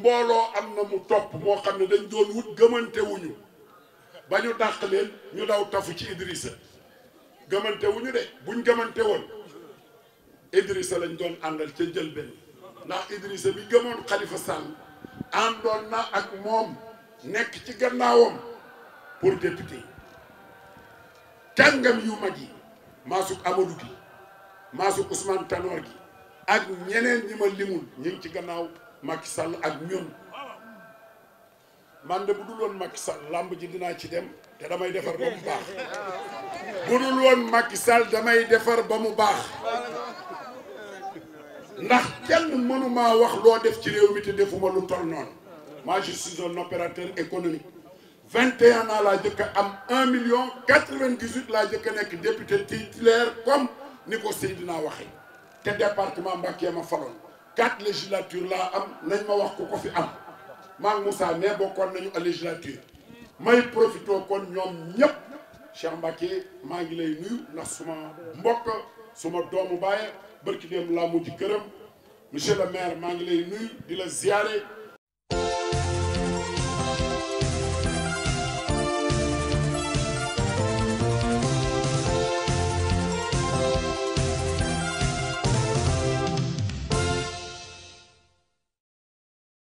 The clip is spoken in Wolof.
mbooloo am na mu topp moo xam ne dañ doon wut gëmante wuñu ba ñu dàq leen ñu daw tafu ci Idrissa gëmantewuñu wuñu de buñ gëmante woon Idrissa lañ doon àndal ci jël benn ndax Idrissa bi gëmoon Khalifa Sall àndoon na ak moom nekk ci gannaawam pour député kàngam yu mag yi maasuk Amadou gi maasuk Ousmane Tanor gi ak ñeneen ñi ma limul ñu ci gannaaw Macky Sall ak ñun man de bu dul woon Macky làmb ji dinaa ci dem te damay defar ba mu baax bu dul woon Macky Sall damay defar ba mu baax ndax kenn mënumaa wax loo def ci réew mi te defuma lu toll noonu moi je suis un opérateur économique 21 ans laa jëkk a am 1 million 98 laa jëkk a nekk député titulaire comme ni ko Seydina waxee te département Mbacké ma faloon. quatre législature laa am nañ ma wax ko ko fi am maa ngi Moussa mais bokkoon nañu à législature may profité kon ñoom ñëpp Cheikh Mbacké maa ngi lay nuyu ndax suma mbokk suma doomu baay barki dem laa mujj këram monsieur le maire maa ngi lay nuyu di la ziyaare